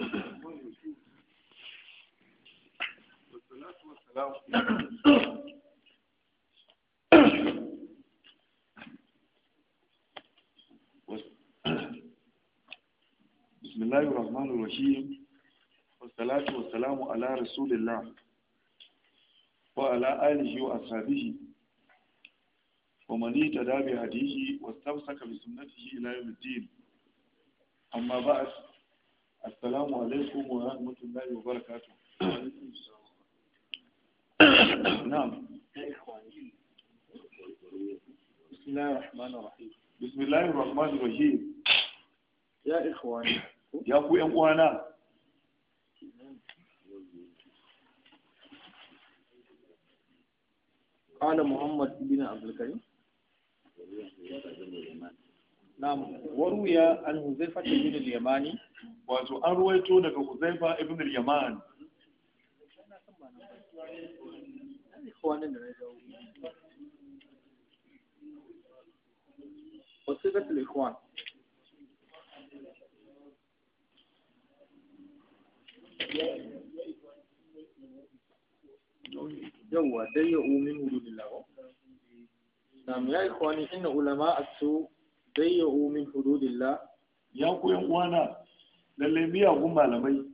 بسم الله الرحمن الرحيم والصلاة والسلام على رسول الله وعلى آله وأصحابه ومن اهتدى هديه واستمسك بسنته إلى يوم الدين أما بعد السلام عليكم ورحمة الله وبركاته نعم بسم الله الرحمن الرحيم بسم الله الرحمن الرحيم يا إخواني يا أخوي أخوانا قال محمد بن عبد الكريم نعم وروي عن حذيفة بن اليماني wato an ruwaito daga Huzaifa ibn al-Yaman الإخوان جوا ديئوا من وجود الله نعم يا إخواني إن علماء السوق ya min hududillah ya ku yan uwana lalle miyagun malamai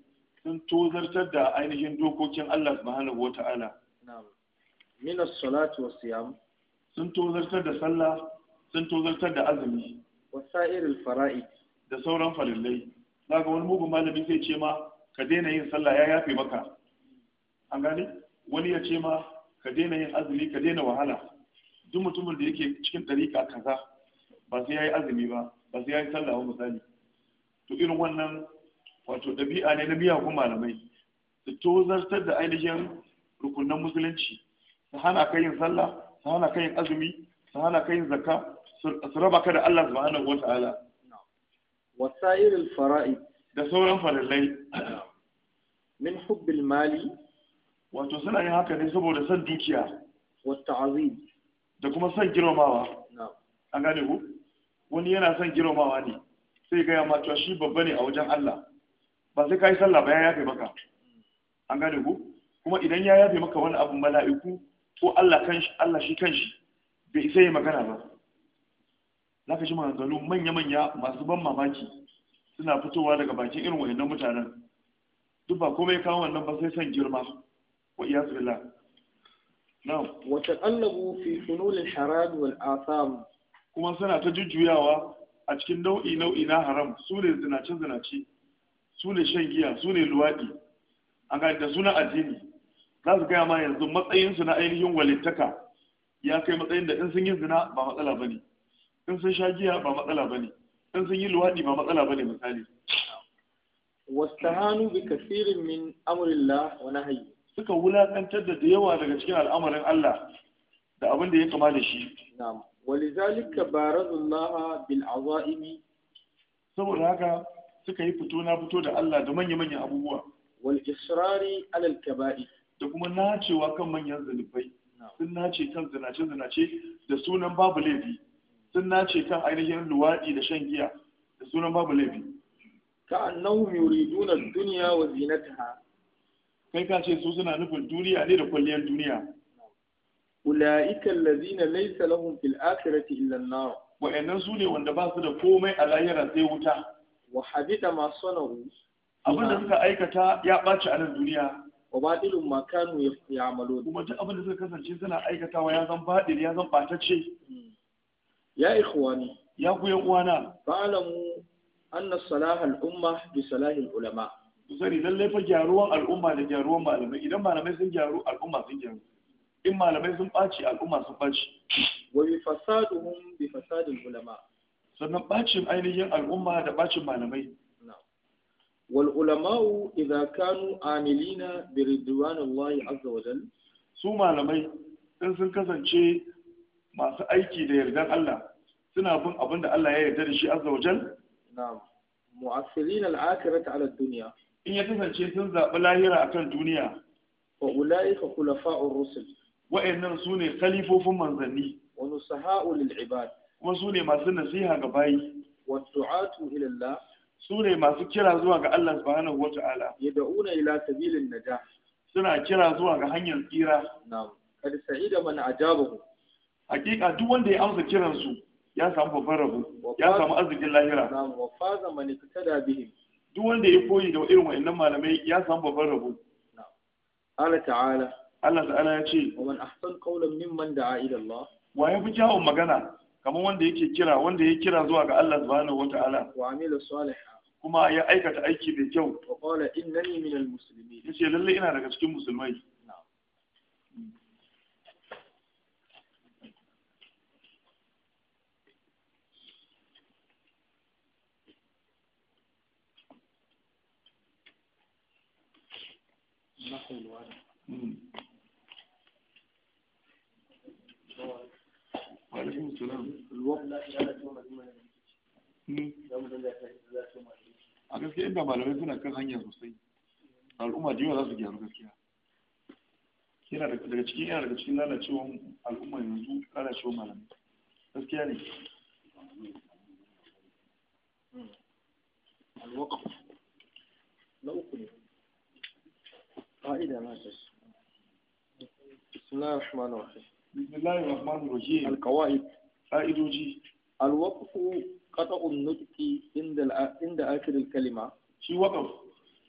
sun tozartar da ainihin dokokin Allah subhanahu wata'ala na'am min as-salati was siyam sun tozartar da sallah sun tozartar da azumi wasairil fara'id da sauran farillai daga wani mugun malami zai ce ma ka daina yin sallah ya yafe maka an gane wani ya ce ma ka daina yin azumi ka daina wahala duk mutumin da yake cikin dariƙa kaza ba sai ya yi azumi ba ba sai ya yi sallah misali to irin wannan wato ɗabi'a ne na miyagun malamai su tozartar da ainihin rukunan musulunci su hana ka yin sallah su hana ka yin azumi su hana ka yin zakka su raba ka da Allah subhanahu wata'ala wasa'ir al-fara'i da sauran farallai. min hubbil mali wato suna yin haka ne saboda son dukiya Wata ta'zim da kuma son girmamawa an gane ku wani yana son girmamawa ne sai gaya yamma to shi babba ne a wajen Allah ba sai ka yi sallah ba ya yafe maka an gane ku kuma idan ya yafe maka wani abu mala'iku ko Allah kanshi Allah shi kanshi bai isa yi magana ba zaka shi maganganu manya-manya masu ban mamaki suna fitowa daga bakin irin wayannan mutanen duk ba komai kawo wannan ba sai san girma wa iyasu billah na'am wa ta'allabu fi sunul harad wal kuma suna ta jujjuyawa a cikin nau'i nau'i na haram su ne zinace zinace su ne shan giya su ne luwaɗi A gani da suna addini za su gaya ma yanzu matsayinsu na ainihin walittaka ya kai matsayin da in sun yi zina ba matsala ba ne in sun sha giya ba matsala ba ne in sun yi luwaɗi ba matsala ba ne misali wastahanu bi kasirin min amrillah wa nahyi suka wulakantar da da yawa daga cikin al'amarin Allah da abin da ya kama da shi na'am ولذلك بارز الله بالعظائم saboda haka suka yi fito na fito da Allah da manya-manyan abubuwa wal israri alal kaba'i da kuma nacewa kan manyan zunubai sun nace kan zinace-zinace da sunan babu laifi sun nace kan ainihin luwaɗi da shan giya da sunan babu laifi ka annahum yuriduna ad-dunya wa zinataha kai ka ce su suna nufin duniya ne da kwalliyar duniya ulaika allazina laysa lahum fil akhirati illa an-nar wa'annan su ne wanda ba su da komai a lahira sai wuta wa hadita ma sanahu abin da suka aikata ya ɓaci a nan duniya wa batilun ma kanu ya'malun kuma duk abin da suka kasance suna aikatawa ya zan batil ya zan batacce mm. ya ikhwani ya ku yan uwana fa'alamu anna salah al-umma bi salah al-ulama sani lallai fa gyaruwan al'umma da gyaruwan malamai idan malamai sun gyaru al'umma sun gyaru in malamai sun ɓaci al'umma sun ɓaci wa bi fasaduhum bi fasadin ulama sannan ɓacin ainihin al'umma da ɓacin malamai wal ulama'u idza kanu amilina bi ridwanillahi azza wa jal su malamai in sun kasance masu aiki da yardan Allah suna bin abin da Allah ya yarda da shi azza wa jal na'am mu'assirin al-akhirata ala dunya in ya kasance sun zaɓi lahira akan duniya fa ulaika khulafa'ur rusul wa'annan su ne khalifofin manzanni wani saha'u lil ibad kuma su ne masu nasiha ga bayi wa du'atu ila Allah su ne masu kira zuwa ga Allah subhanahu wa ta'ala yad'una ila sabilin najah suna kira zuwa ga hanyar tsira na'am kad sa'ida man ajabahu hakika duk wanda ya amsa kiran su ya samu babban rabo ya samu arzikin lahira na'am wa faza man iktada bihim duk wanda ya koyi da irin wa'annan malamai ya samu babban rabo na'am ta'ala Allah ta'ala ya ce wa man ahsan qawlan mimman da'a ila Allah wa ya fi kyawun magana kamar wanda yake kira wanda ya kira zuwa ga Allah subhanahu wata'ala wa amila salihan kuma ya aikata aiki mai kyau wa qala innani musulmi muslimin yace lalle ina daga cikin musulmai Mm-hmm. alaikum salam hmm. a gaskiya inda malamai suna kan hanya sosai al'umma da za su gyaru gaskiya yana daga cikin yana daga cikin lalacewar al'umma yanzu lalacewar malamai gaskiya ne الوقف لا أقول قائدة ما بسم الله الرحمن الرحيم bismillahir rahmanir rahim alqawaid fa'idoji alwaqfu qata'un nutqi inda inda akhir kalima. shi waqf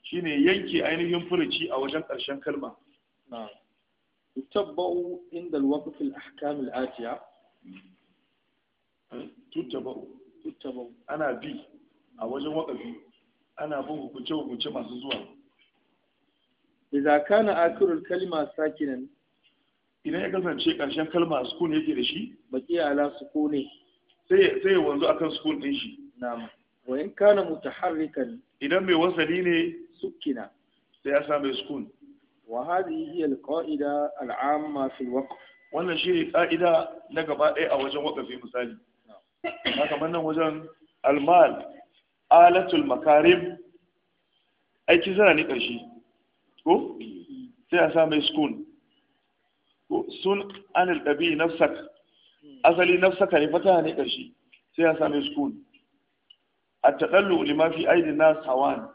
shine yanke ainihin furuci a wajen ƙarshen kalma na'am tutabba'u inda alwaqf alahkam alatiya eh? tutabba'u tutabba'u ana bi a wajen waƙafi ana bin hukunce-hukunce masu zuwa idza kana akhirul kalima sakinan idan ya kasance ƙarshen kalma sukun yake da shi baki ala sukuni sai sai ya wanzu akan sukun din shi na'am wa in kana mutaharrikan idan mai wasali ne sukina sai ya samu sukun wa hadhihi hiya alqa'ida al'amma fi alwaqf wannan shi ne ka'ida na gaba ɗaya a wajen waƙafi misali haka nan wajen almal alatul makarim aiki zana ne ƙarshe ko mm. sai a samu mai sukun sun anil ɗabi nafsak asali nafsaka ne fata ne ƙarshe sai ya same sukun a taɗallu lima fi aini na sawan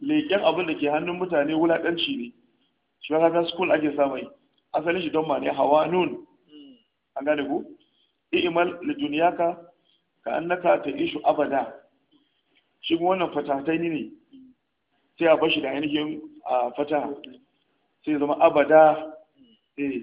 leƙen abin da ke hannun mutane wulaƙanci ne shi ba kaga sukun ake samai asalin shi don ma ne nun. an gane ku i'mal li duniyaka ka annaka ta ishu abada shi wannan yi ne sai a bashi da ainihin fataha sai zama abada eh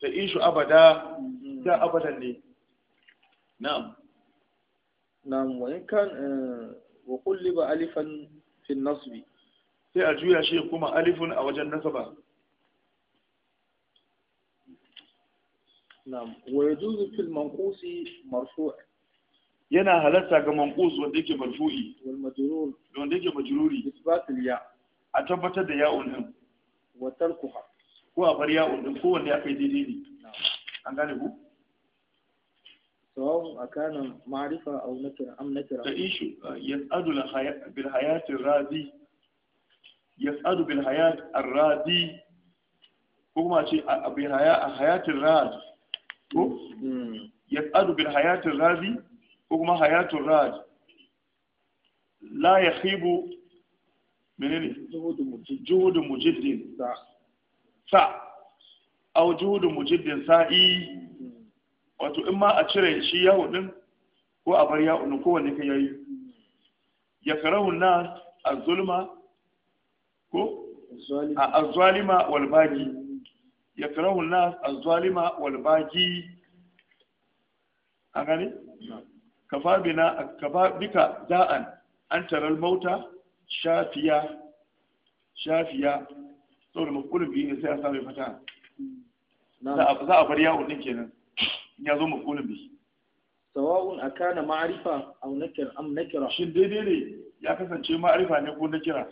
ta ishu abada ta abadan ne na'am na'am wa in kan eh, wa ba alifan fi nasbi sai a juya shi kuma alifun a wajen nasaba na'am wa yajuzu fil manqusi marfu' yana halatta ga manqus wanda yake marfu'i wal majrur wanda yake majruri isbatul ya a tabbatar da ya'un din wa tarkuha ko a bariya undun kowanne ya akai daidai ne an gane ku sawawun a kanan ma'arifa a wunatar amnatar da ishu yas'adu bil hayatin razi yas'adu bil hayat ar-razi ko kuma ce a bil hayatin razi ko hmm. yas'adu bil hayatin razi ko kuma hayatin razi la ya yakhibu menene juhudun mujaddid ta aujudu mujiddin sa'i wato in ma a cire shi yawo din ko a bar yawo ko wanne kai yayi ya karahu nas az-zulma ko a zalima wal baqi ya karahu nas az wal baqi an gane kafa bina kafa bika da'an an taral mauta shafiya shafiya saboda mafulun biyu ne sai a sami fata za a bar yawon ɗin kenan ya zo mafulun biyu sawa'un kana ma'arifa a nakira am nakira shin daidai ne ya kasance ma'arifa ne ko nakira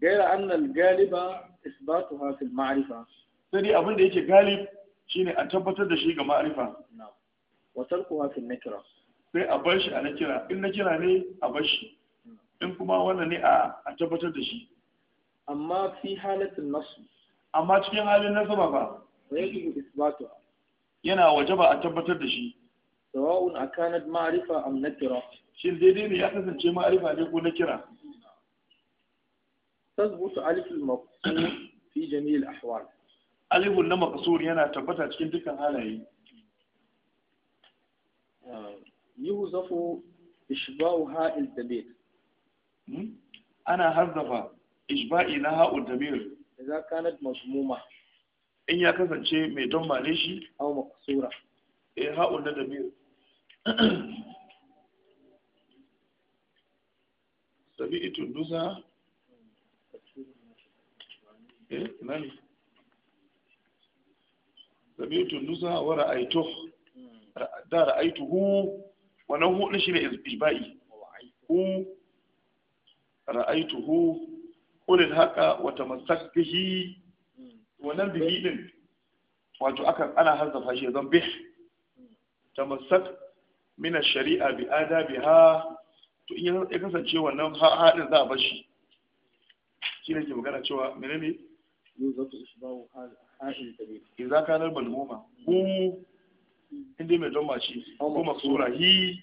gaira annal galiba isbatu hafil ma'arifa sai dai abin da yake galib shine a tabbatar da shi ga ma'arifa wa ku hafil nakira sai a bar shi a nakira in nakira ne a bar shi in kuma wannan ne a tabbatar da shi amma fi halatin nasu amma cikin halin nasaba ba wa yajibu isbatu yana wajaba a tabbatar da shi sawa'un akanat ma'arifa am kira. shin daidai ne ya kasance ma'rifa ne ko nakira تثبت ألف المقصور في جميع الأحوال ألف المقصور هنا تبتها تكين تلك هالاي يوزف إشباهها الدبيت Ana هذف ijba'i na ha'un damir idza kanat masmuma in ya kasance mai don male shi aw maqsura eh ha'un na damir sabi'atu dusa eh nani sabi'atu dusa wa ra'aytu da ra'aytuhu wannan hu shi ne ijba'i hu ra'aytuhu qulil haqa wa tamassak bihi wannan bihi ɗin, wato aka ana hazzafa shi zan bih Ta min mina sharia bi bi ha. to in ya kasance wannan haɗin za a bar shi shi ne ke magana cewa menene idza kana nar balmoma hu inda mai don mace ko maksura hi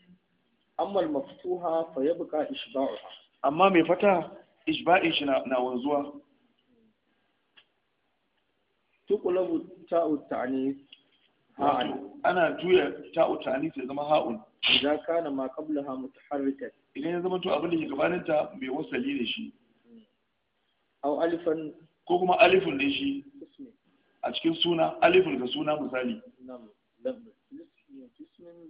amma al-maftuha fa yabqa ishba'uha amma mai fata ishba'in shi na wanzuwa tuqlabu ta'u ta'ani ha'un ana juya ta'u ta'ani ya zama ha'un idza kana ma qablaha mutaharrikan idan ya zama to abin da ke gabaninta bai mai wasali ne shi aw alifan ko kuma alifun ne shi a cikin suna alifun ga suna misali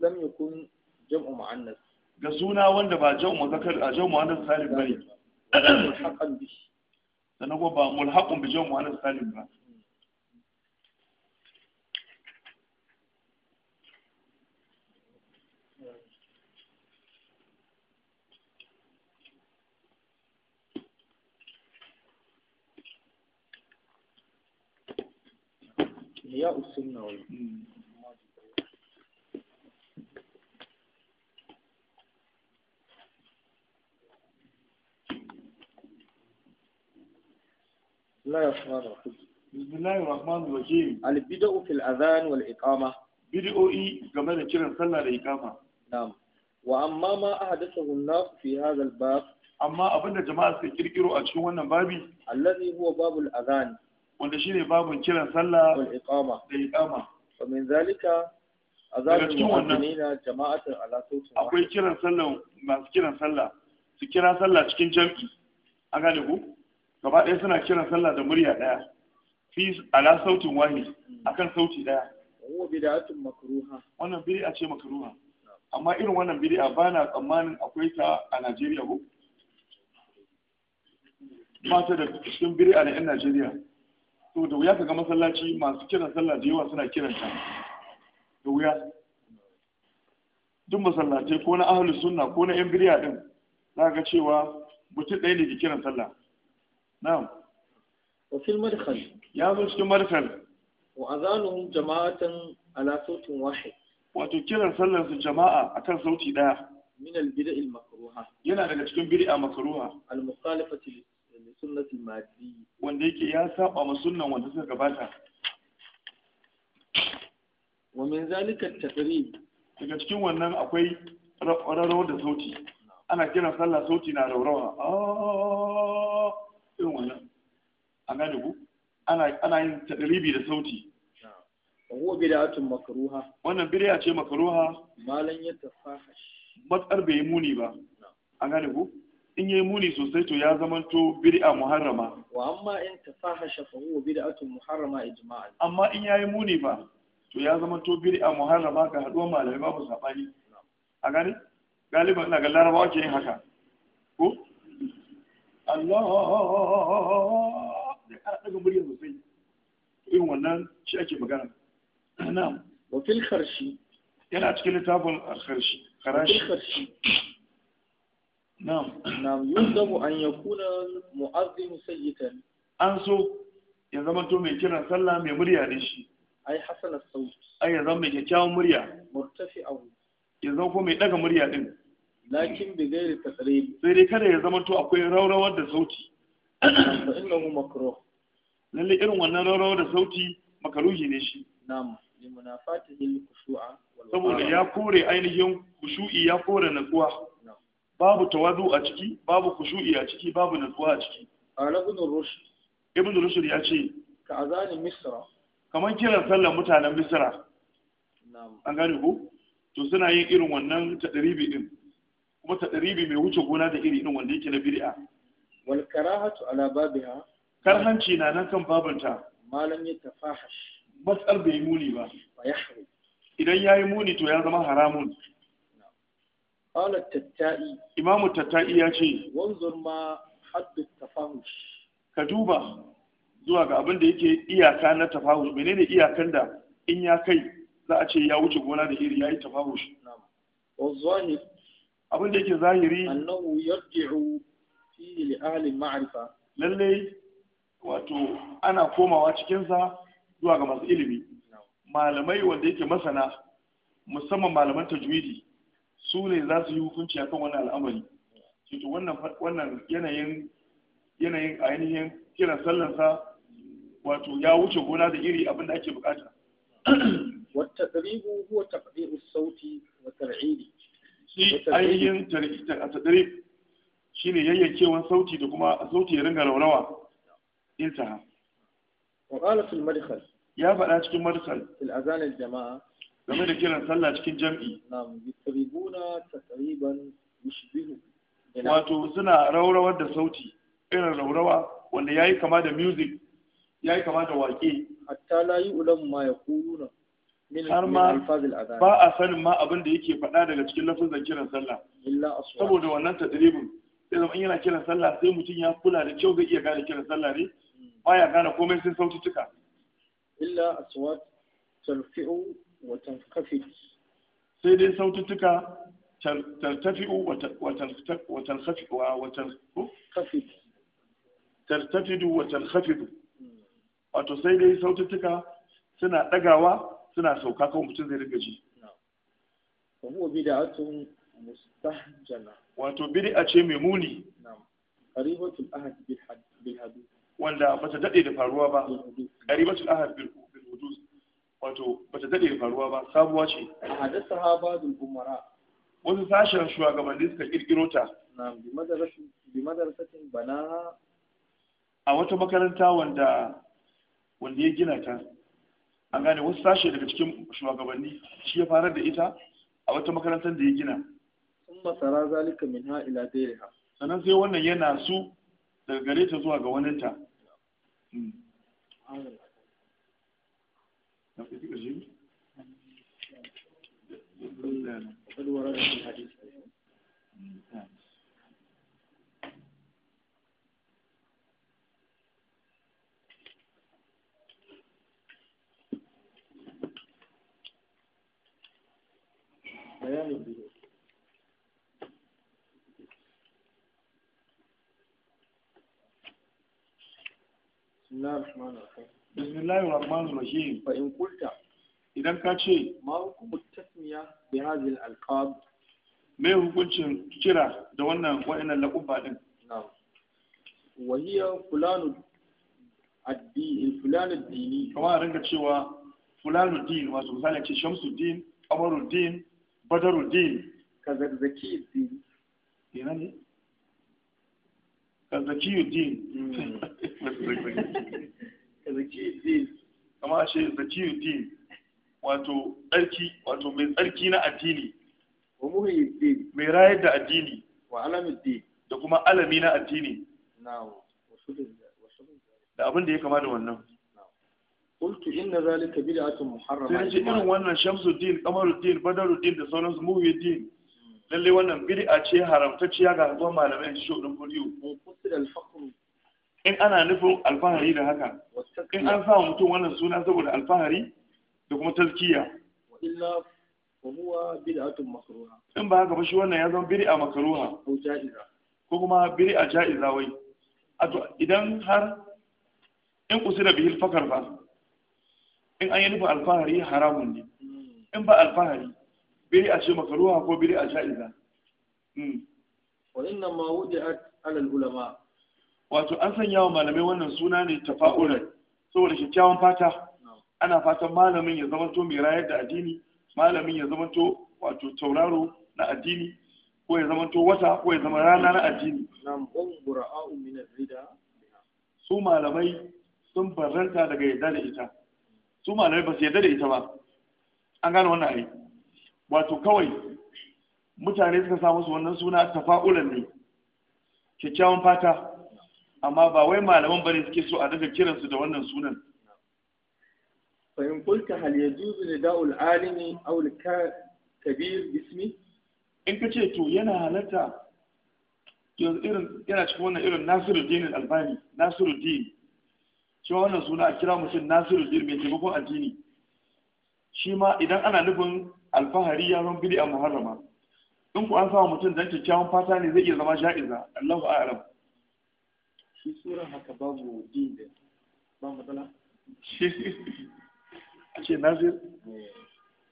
lam yakun jam'u mu'annas ga suna wanda ba jam'u muzakkar a jam'u mu'annas salif bane mulhaqan bi sannan kuma ba mulhaqun bi jawm mu'annas salim ba يا السنة والجماعة بسم الله الرحمن الرحيم بسم الله الرحمن الرحيم البدء في الأذان والإقامة بدء كما ذكر صلى الإقامة نعم وأما ما أحدثه الناس في هذا الباب أما أبدا جماعة كيركيرو أشو وانا بابي الذي هو باب الأذان wanda shine babun kiran sallah wal iqama da iqama fa min zalika azanul mu'minina jama'atan ala sautin akwai kiran sallah masu kiran sallah su kira sallah cikin jam'i an gane ku gaba ɗaya suna kiran sallah da murya ɗaya fi ala sautin a akan sauti ɗaya wannan bid'a ce makruha amma irin wannan bid'a bana tsammanin akwai ta a Najeriya ko mata da cikin bid'a na yan Najeriya to da wuya kaga masallaci masu kiran sallah da yawa suna kiran ta da wuya duk masallatai ko na ahlus sunna ko na yan bid'a din zaka ga cewa mutum ɗaya ne ke kiran sallah نعم وفي المدخل يا ya zo cikin madkhal wa صوت واحد وتكل sautin wahid wato kiran sallar su jama'a akan sauti daya min yana daga cikin bid'a makruha al mukhalafati li sunnati madi wanda ya ma wanda suka gabata wa zalika daga cikin wannan akwai rarrawar da sauti ana kiran sallah sauti na raurawa ah! irin wannan an gane ku ana yin tadribi da sauti wa bid'atun makruha wannan bid'a ce makruha malan ya tafahash matsar bai yi muni ba an gane ku in yi muni sosai to ya zamanto bid'a muharrama wa amma in tafahasha fa huwa bid'atun muharrama ijma'an amma in yayi muni ba to ya zamanto bid'a muharrama ga haduwar malamai babu sabani a gani? galiban ina ga larabawa ke yin haka ko Allah da ana daga murya sosai irin wannan shi ake magana na'am wa fil kharshi yana cikin littafin kharshi kharashi na'am na'am yuzdamu an yakuna mu'azzim sayyidan an so ya zama to mai kiran sallah mai murya ne shi ai hasana sauti ai ya zama mai kyakkyawan murya murtafi abu ya zama ko mai ɗaga murya din lakin bi gairi tasrib sai dai kada ya to akwai raurawar da sauti innahu makruh lalle irin wannan raurawar da sauti makaruhi ne shi na'am limunafatihi lil khushua saboda ya kore ainihin khushu'i ya kore natsuwa babu tawazu a ciki babu khushu'i a ciki babu natsuwa a ciki ala ibn rushd ibn rushd ya ce ka azani misra kamar kiran sallar mutanen misra an gane ko to suna yin irin wannan tadribi din kuma tadribi mai wuce gona da iri irin wanda yake na bid'a wal karahatu ala babiha karhanci na nan kan babanta malam ya tafahash matsar bai muni ba idan ya yi muni to ya zama haramun Tatta'i. قال التتائي ya ce. يأتي ma ما حد Ka duba zuwa ga abin da yake iyaka na Mene menene iyakan da in ya kai za a ce ya wuce gona da iri ya yi tafahus Wanzuwa ne. abin da yake zahiri annahu yarji'u fi li ahli ma'rifa lalle wato ana komawa cikin sa zuwa ga masu ilimi malamai wanda yake masana musamman malaman tajwidi su ne za su yi hukunci akan wannan al'amari to wannan wannan yanayin yanayin ainihin kiran sa wato ya wuce gona da iri abin da ake bukata. Wata ɗaribu huwa tafdi'u sauti wa tar'idi. shi ainihin tasadari shi ne yayyakewan sauti da kuma sauti ya ringa raurawa intaha wa qala fil madkhal ya faɗa cikin madkhal fil jama'a game da kiran sallah cikin jam'i na'am yusribuna tasriban yushbihu wato suna raurawar da sauti irin raurawa wanda ya yi kama da music ya yi kama da waƙe hatta la yu'lamu ma yaquluna har ma ba a sanin ma abin da yake faɗa daga cikin lafazan kiran sallah saboda wannan tadribin sai zama yana kiran sallah sai mutum ya kula da kyau zai iya gane kiran sallah ne hmm. baya gane komai sai sautuka illa aswat talfi'u wa tankafi sai dai sautuka tartafi'u wa tankafi wa tankafi tartafidu wa tankafidu hmm. wato sai dai sautuka suna ɗagawa suna sauka kan mutum zai riga ji wa bid'atun mustahjana wato bid'a ce mai muni qaribatul ahad bil hadith wanda bata dade da faruwa ba qaribatul ahad bil hudud wato bata daɗe da faruwa ba sabuwa ce A hadar hadatha habadul umara wasu sashen shugabanni suka ƙirƙiro ta bi madarasatin bana a wata makaranta wanda wanda ya gina ta an gane wasu sashe daga cikin shugabanni shi ya farar da ita a wata makarantar da ya gina sun masara zalika min ha ila ha. sannan sai wannan yana su daga gare ta zuwa ga wannan ta. Hmm. bayanin bidiyo bismillahir rahmanir rahim fa in qulta idan ka ce ma hukumu tasmiya bi hadhihi al alqab me hukuncin kira da wannan wa'annan laqaba din na'am wa hiya fulanu addini fulanu a ringa cewa fulanu din wato misali ce shamsuddin qamaruddin badaruddin kazarzaki din yana kama zaki din wato tsarki wato mai tsarki na addini wa mai rayar da addini wa alamuddin da kuma alami na addini da abin da ya kama da wannan qultu inna zalika bid'atun muharrama sai ce irin wannan shamsuddin qamaruddin badaruddin da sauransu muwidin lalle wannan bid'a ce haramtacciya ga al'ummar malamai shi shudin buriyu in ana nufin alfahari da haka in an sa mutum wannan suna saboda alfahari da kuma talkiya. illa huwa bid'atun makruha in ba haka ba shi wannan ya zama bid'a makruha ko ko kuma bid'a ja'iza wai idan har in kusira bihi fakar ba in an yi nufin alfahari haramun ne in ba alfahari biri a ce makaruwa ko biri a sha'iza hmm. wa'inna ma wuce alal ulama wato an sanya wa malamai wannan suna ne fa'ura saboda kyakkyawan fata ana fatan malamin ya zama to mai rayar da addini malamin ya zama to wato tauraro na addini ko ya zama to wata ko ya zama rana na addini su malamai sun barranta daga yadda da ita su malamai ba su yarda da ita ba an gane wannan ai wato kawai mutane suka samu su wannan suna tafa'ulan ne kyakkyawan fata amma ba wai malaman bane suke so a daga su da wannan sunan fa in hal yajuzu alimi aw kabir bismi in ce to yana halatta yanzu irin yana cikin wannan irin dinin Albani dinin shi wannan suna a kira mutum nasiru dir mai taimakon addini shi ma idan ana nufin alfahari ya zama a muharrama in ku an samu mutum don kyakkyawan fata ne zai iya zama sha'iza Allahu a'lam shi tsoron haka babu din da ba a ce nasir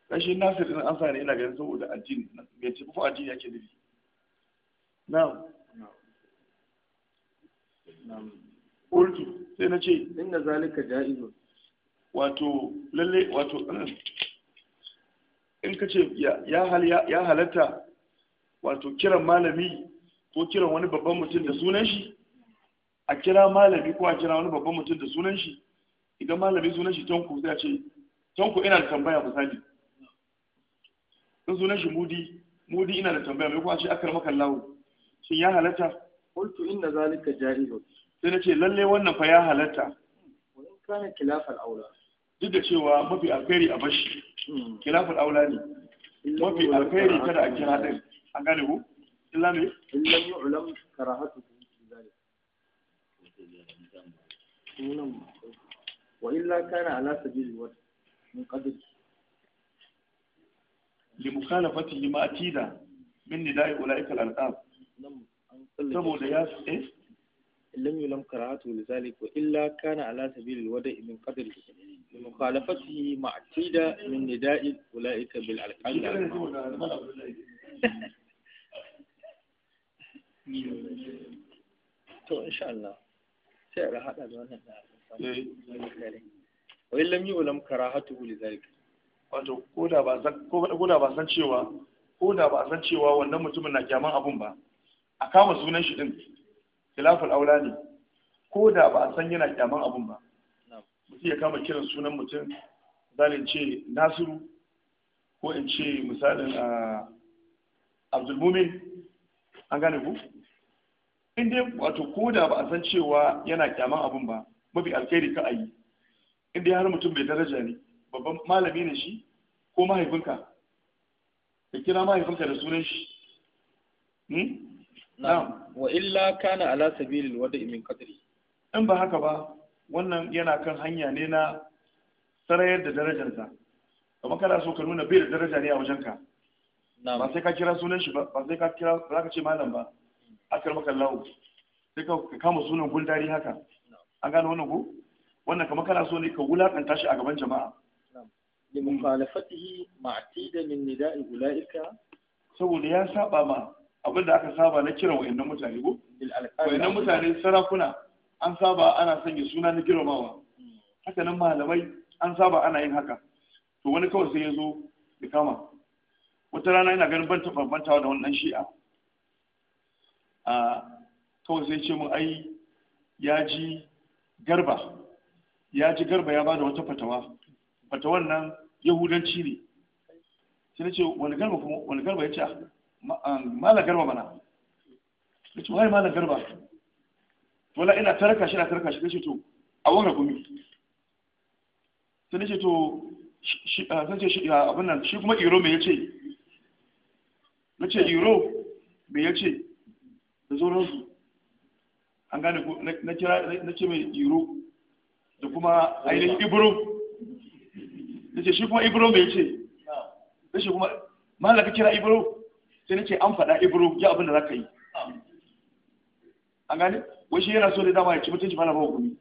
rashin eh. nasir din an sa ne ina ganin saboda addini mai taimakon addini yake nufi na'am na'am qultu sai na ce inda zalika ja'izu wato lalle wato in ka ce ya halatta wato kiran malami ko kiran wani babban mutum da sunan shi a kira malami ko a kira wani babban mutum da sunan shi idan malami sunan shi tanku sai a ce tanku ina da tambaya misali in sunan shi mudi mudi ina da tambaya mai kuma ce akar maka lawo shin ya halatta qultu inna zalika jahilun sai na ce lalle wannan fa ya halatta kana kilafal aula duk da cewa mafi alkhairi a bashi hmm. kilafal aula ne mafi alkhairi kada a kira din an gane ku illa me illa yu'lam karahatu wa illa kana ala sabili wa min mukhalafati لمخالفته atida min nida'i نداء al الألقاب saboda ya eh lam yulam karatu li zalik wa illa kana ala sabilil wada'i min qadri li mukhalafatihi ma'tida min nida'i ulaika bil alqan to insha Allah sai a hada da wannan da wa lam yulam ko da ba san cewa ko da ba san cewa wannan mutumin na kyaman abun ba a kama sunan shi din khilaful aula ne ko da ba a san yana kyaman abun ba mutum ya kama kiran sunan mutum zalin ce nasiru ko in ce misalin ah, abdulmumin an gane ku in dai wato ko da ba a san cewa yana kyaman abun ba mafi alkhairi ka a yi in dai har mutum bai daraja ne babban malami ne shi ko mahaifinka ka kira mahaifinka da sunan shi hmm? na'am wa illa kana ala sabilil wada'i min qadri in ba haka ba wannan yana kan hanya ne na sarayar da darajarsa kuma kana so ka nuna bai da daraja ne a wajenka ba sai ka kira sunan shi ba ba sai ka kira ba ka ce malam ba akar maka lawo sai ka kama sunan gundari haka an gano wannan ko wannan kamar kana so ne ka wulakanta shi a gaban jama'a li mukhalafatihi ma'tida min nida'i ulaika saboda ya saba ma abin da aka saba na kiran wa'annan mutane ko wa'annan mutane sarakuna an saba ana sanya suna na girmamawa haka nan malamai an saba ana yin haka to wani kawai sai ya zo da kama wata rana yana ganin banta bambantawa da wannan shi'a a kawai sai ce mu ai ya ji garba ya ji garba ya bada wata fatawa fatawan nan yahudanci ne sai na ce wani garba kuma wani garba ya ce ah, Ah, malam garba mana ya ce wai malam garba wala ina tarka shi na tarka shi kace to a wanga gumi sai ce to shi sai ah, ce shi ah, abin nan shi kuma iro me yace nace iro me yace da zoron su an gane ko na kira na ce mai iro da kuma ainihin ibro nace shi kuma ibro me yace nace kuma ka kira ibro sai nace an faɗa ibro ya abin da zaka yi an gane wai shi yana so da dama ya ci mutunci malama hukumi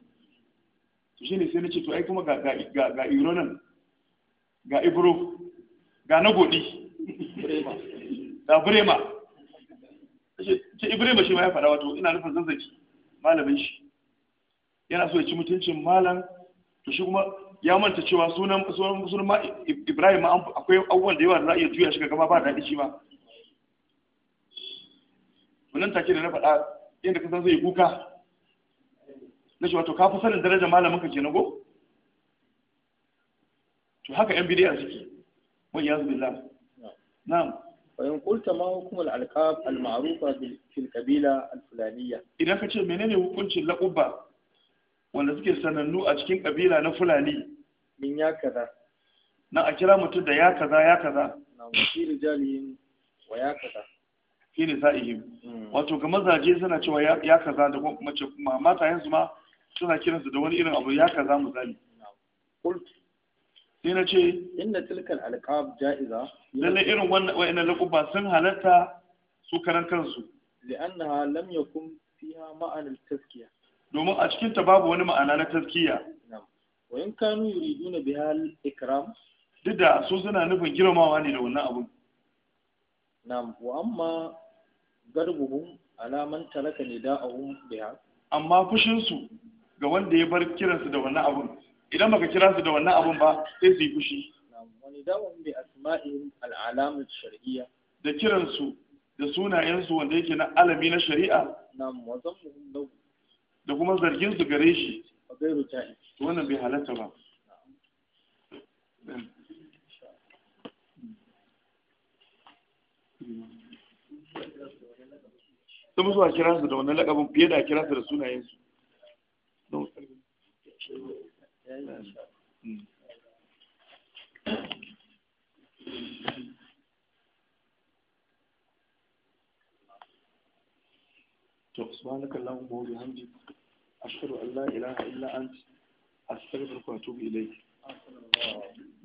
to shine sai nace to ai kuma ga ga ga ga ibro nan ga ibro ga na godi ga burema ce ibrahim shi ma ya faɗa wato ina nufin zazzaki malamin shi yana so ya ci mutuncin malam to shi kuma ya manta cewa sunan sunan ma ibrahim akwai abubuwan da yawa da za a iya juya shi gaba ba da shi ma wannan take da na faɗa inda ka san zai kuka na shi wato ka fi sanin darajar malamin ka kenan go to haka yan bidiyar suke wai ya zubi lam na'am fa in qulta ma hukum al alqab al ma'rufa fil qabila al fulaniya idan ka ce menene hukuncin laqaba wanda suke sanannu a cikin kabila na fulani min ya kaza na a kira mutum da ya kaza ya kaza na mutum rijalin wa ya kaza ne sa'ihim hmm. wato ga mazaje suna cewa ya kaza da mace mata yanzu ma suna kiransu da wani irin abu ya kaza zali sai na ce inna tilkal alqab ja'iza lalle irin wannan wayannan laquba sun halatta su karan kansu li'annaha lam yakun fiha ma'an al-tazkiya domin a cikin ta babu wani ma'ana na tazkiya wa in kanu yuriduna biha al-ikram duk da su suna nufin girmamawa ne da wannan abun na'am wa amma garbubun alaman talaka ne da'ahum biya. amma fushinsu ga wanda ya bar kiransu da wannan abun idan baka kira su da wannan abun ba sai su yi fushi wani wani bai asma'in al'alamat shar'iyya da kiransu da sunayensu wanda yake na alami na shari'a Na wa zammuhum lahu da kuma zargin su gare shi wannan bai halatta ba sun fi zuwa kira su da wannan lakabin fiye da kira su da sunayensu سبحانك اللهم وبحمدك أشهد أن لا إله إلا أنت أستغفرك وأتوب إليك